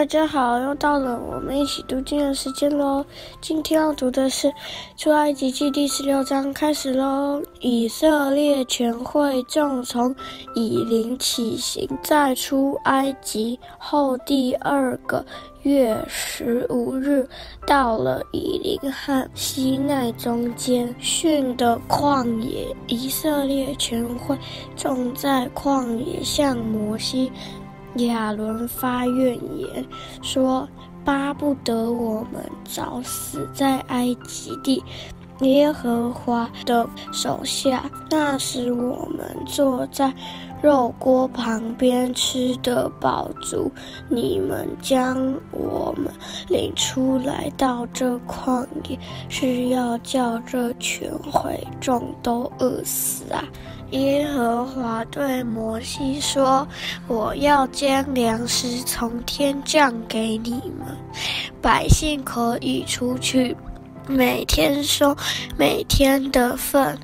大家好，又到了我們一起讀經的時間咯。今天要讀的是《出埃及記》第十六章，開始咯。以色列全會眾從以琳起行，在出埃及後第二個月十五日，到了以琳和西奈中間汛的曠野。以色列全會眾在曠野向摩西、亞倫發怨言，說：“巴不得我們早死在埃及地。”耶和華的手下，那時我們坐在肉鍋旁邊吃得飽足。你們將我們領出來到這曠野，是要叫這群會眾都餓死啊！耶和華對摩西說：“我要將糧食從天降給你們，百姓可以出去。”每天收每天的分，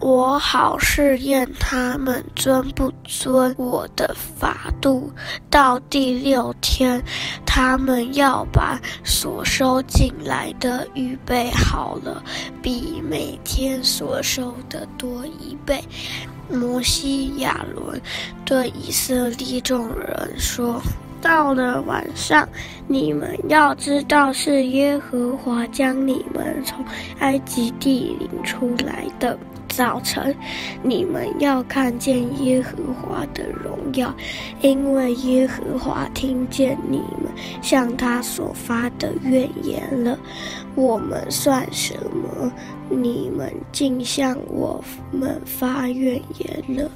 我好試驗他們遵不遵我的法度。到第六天，他們要把所收進來的預備好了，比每天所收的多一倍。摩西亞倫對以色列眾人說。到了晚上，你們要知道是耶和華將你們從埃及地領出來的。早晨，你們要看見耶和華的榮耀，因為耶和華聽見你們向他所發的怨言了。我們算什麼？你們竟向我們發怨言了。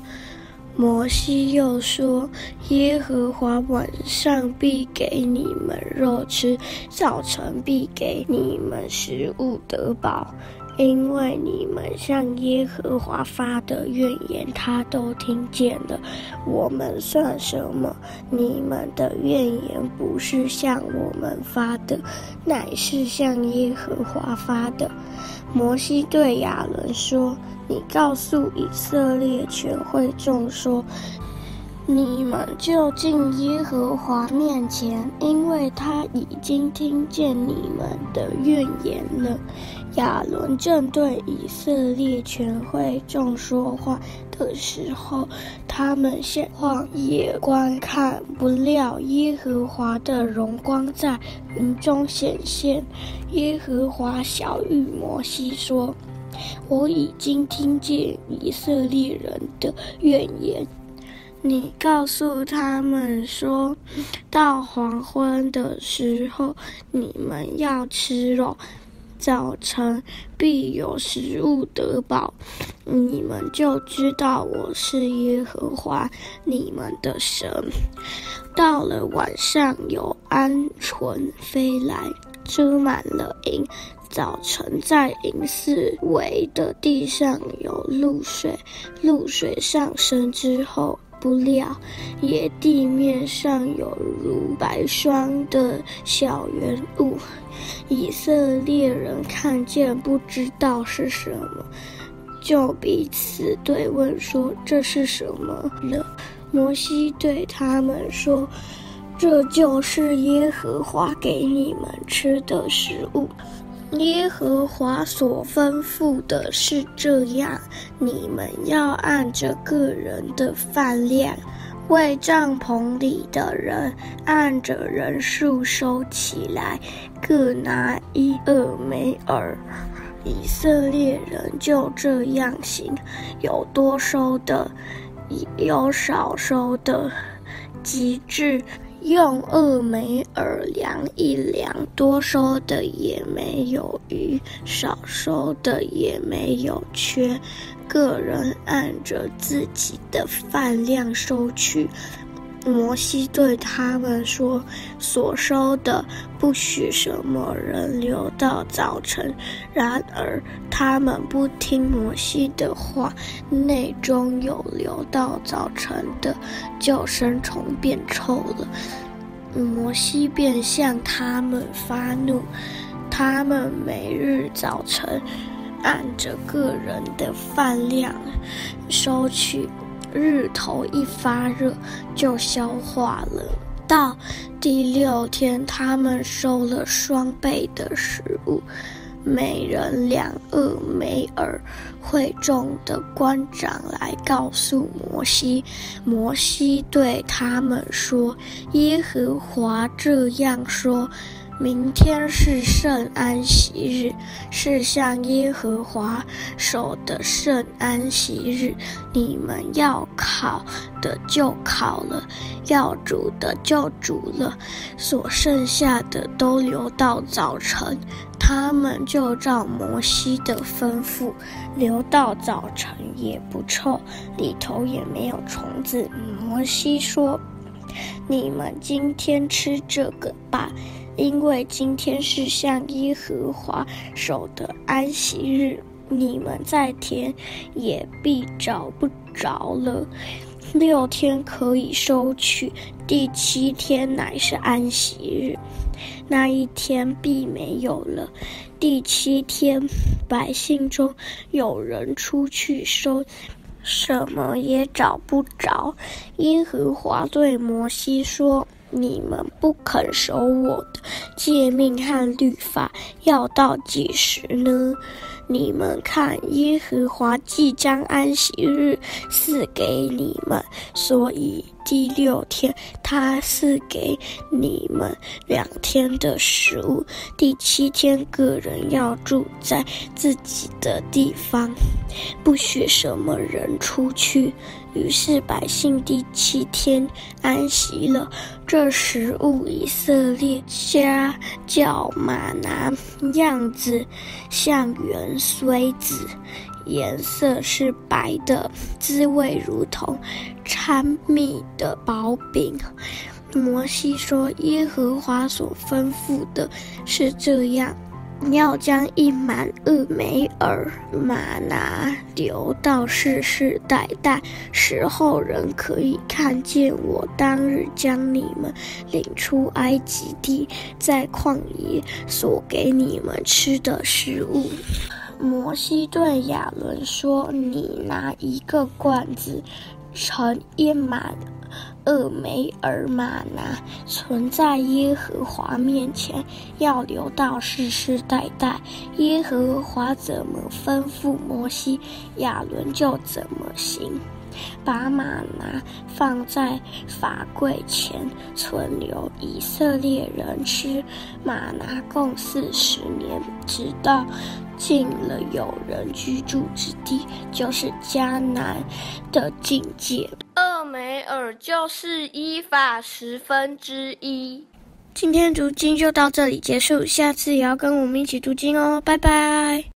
摩西又說：“耶和華晚上必給你們肉吃，早晨必給你們食物得飽。”因為你們向耶和華發的怨言，他都聽見了。我們算什麼？你們的怨言不是向我們發的，乃是向耶和華發的。摩西對亞倫說：“你告訴以色列全會眾說。”你們就近耶和華面前，因為他已經聽見你們的怨言了。亞倫正對以色列全會眾說話的時候，他們向曠野觀看。不料，耶和華的榮光在雲中顯現。耶和華曉諭摩西說：“我已經聽見以色列人的怨言。”你告訴他們說：“到黃昏的時候，你們要吃肉、哦；早晨必有食物得飽。你們就知道我是耶和華你們的神。”到了晚上，有鵪鶉飛來，遮滿了營。早晨在營四圍的地上有露水，露水上升之後。不料，野地面上有如白霜的小圓物，以色列人看見不知道是什麼，就彼此對問說：“這是什麼？”了。摩西對他們說：“這就是耶和華給你們吃的食物。”耶和華所吩咐的是這樣：你們要按着各人的飯量，為帳篷裡的人按着，人數收起來，各拿一俄梅珥。以色列人就這樣行，有多收的，有少收的，及至。用俄梅珥量一量，多收的也沒有餘，少收的也沒有缺，各人按着自己的飯量收取。摩西對他們說：“所收的，不許什麼人留到早晨。”然而他們不聽摩西的話，內中有留到早晨的，就生蟲變臭了。摩西便向他們發怒。他們每日早晨，按着各人的飯量收取。日頭一發熱，就消化了。到第六天，他們收了雙倍的食物，每人兩俄梅珥。會眾的官長來告訴摩西，摩西對他們說：“耶和華這樣說。”明天是聖安息日，是向耶和華守的聖安息日。你們要烤的就烤了，要煮的就煮了，所剩下的都留到早晨。他們就照摩西的吩咐，留到早晨也不臭，裡頭也沒有蟲子。摩西說：“你們今天吃這個吧。”因為今天是向耶和華守的安息日，你們在田野必找不着了。六天可以收取，第七天乃是安息日，那一天必沒有了。第七天，百姓中有人出去收，什麼也找不着。耶和華對摩西說。你們不肯守我的誡命和律法，要到幾時呢？你們看！耶和華既將安息日賜給你們，所以。第六天，他賜給你們兩天的食物。第七天，各人要住在自己的地方，不許什麼人出去。於是百姓第七天安息了。這食物以色列家叫嗎哪，樣子像芫荽子。顏色是白的，滋味如同摻蜜的薄餅。摩西說：“耶和華所吩咐的是這樣，要將一滿俄梅珥嗎哪留到世世代代，使後人可以看見我當日將你們領出埃及地，在曠野所給你們吃的食物。”摩西對亞倫說：“你拿一個罐子，盛一滿俄梅珥嗎哪，存在耶和華面前，要留到世世代代。耶和華怎麼吩咐摩西，亞倫就怎麼行。”把嗎哪放在法櫃前，存留。以色列人吃嗎哪共四十年，直到進了有人居住之地，就是迦南的境界。俄梅珥就是伊法十分之一。今天讀經就到這裡結束，下次也要跟我們一起讀經哦，拜拜。